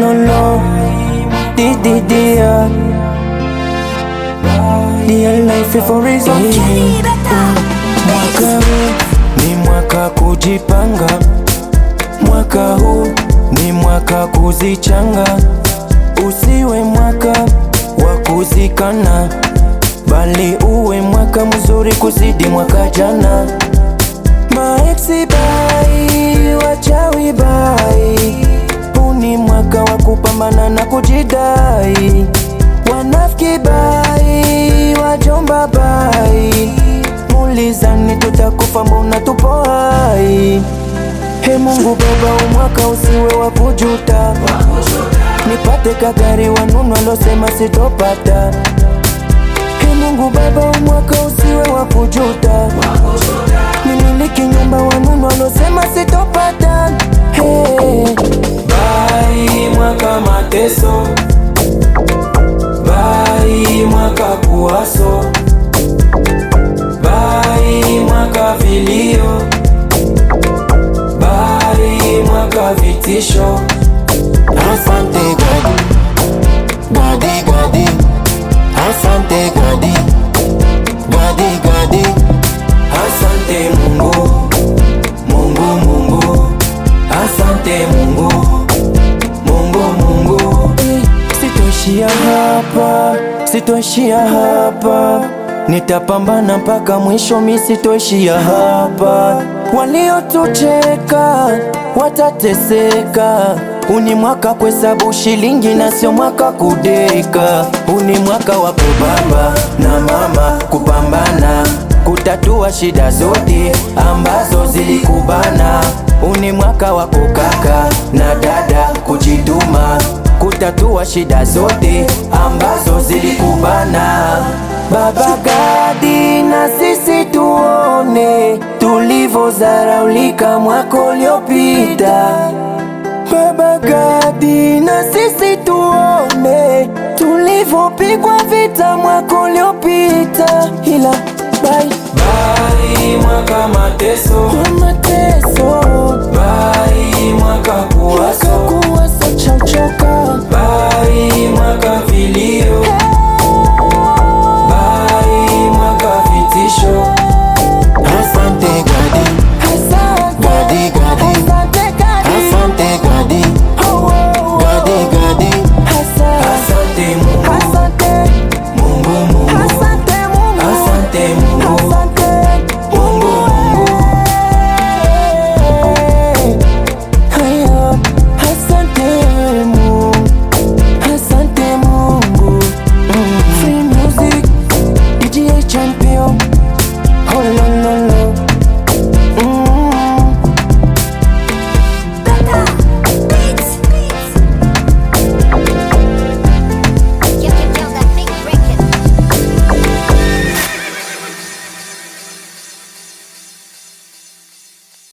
no no Di di di Dia life for reason Mwaka huu ni mwaka kujipanga, mwaka huu ni mwaka kuzichanga, usiwe mwaka wa kuzikana, bali uwe mwaka mzuri kuzidi mwaka jana. Maeksi kuandamana na kujidai, wanafiki bai, wajomba bai, mulizani tutakufa, mbona tupo hai? He Mungu Baba, umwaka usiwe wa kujuta, nipate kagari wanunu alosema sitopata. He Mungu Baba, umwaka usiwe wa kujuta wa vitisho. Asante Godi, Godi Godi, asante Godi, Godi Godi, asante Mungu, Mungu Mungu, asante Mungu, Mungu Mungu. Sitoishia hapa, sitoishia hapa Nitapambana mpaka mwisho, misitoishia hapa. Waliotucheka watateseka. Uni mwaka kuhesabu shilingi na sio mwaka kudeka. Uni mwaka wa kubaba na mama kupambana kutatua shida zote ambazo zilikubana. Uni mwaka wako kaka na dada kujituma kutatua shida zote ambazo zilikubana. Baba Gadi, na sisi tuone tulivyozaraulika mwaka uliopita. Baba Gadi, na sisi tuone tulivyopigwa vita mwaka uliopita. Ila bye bye, mwaka mateso know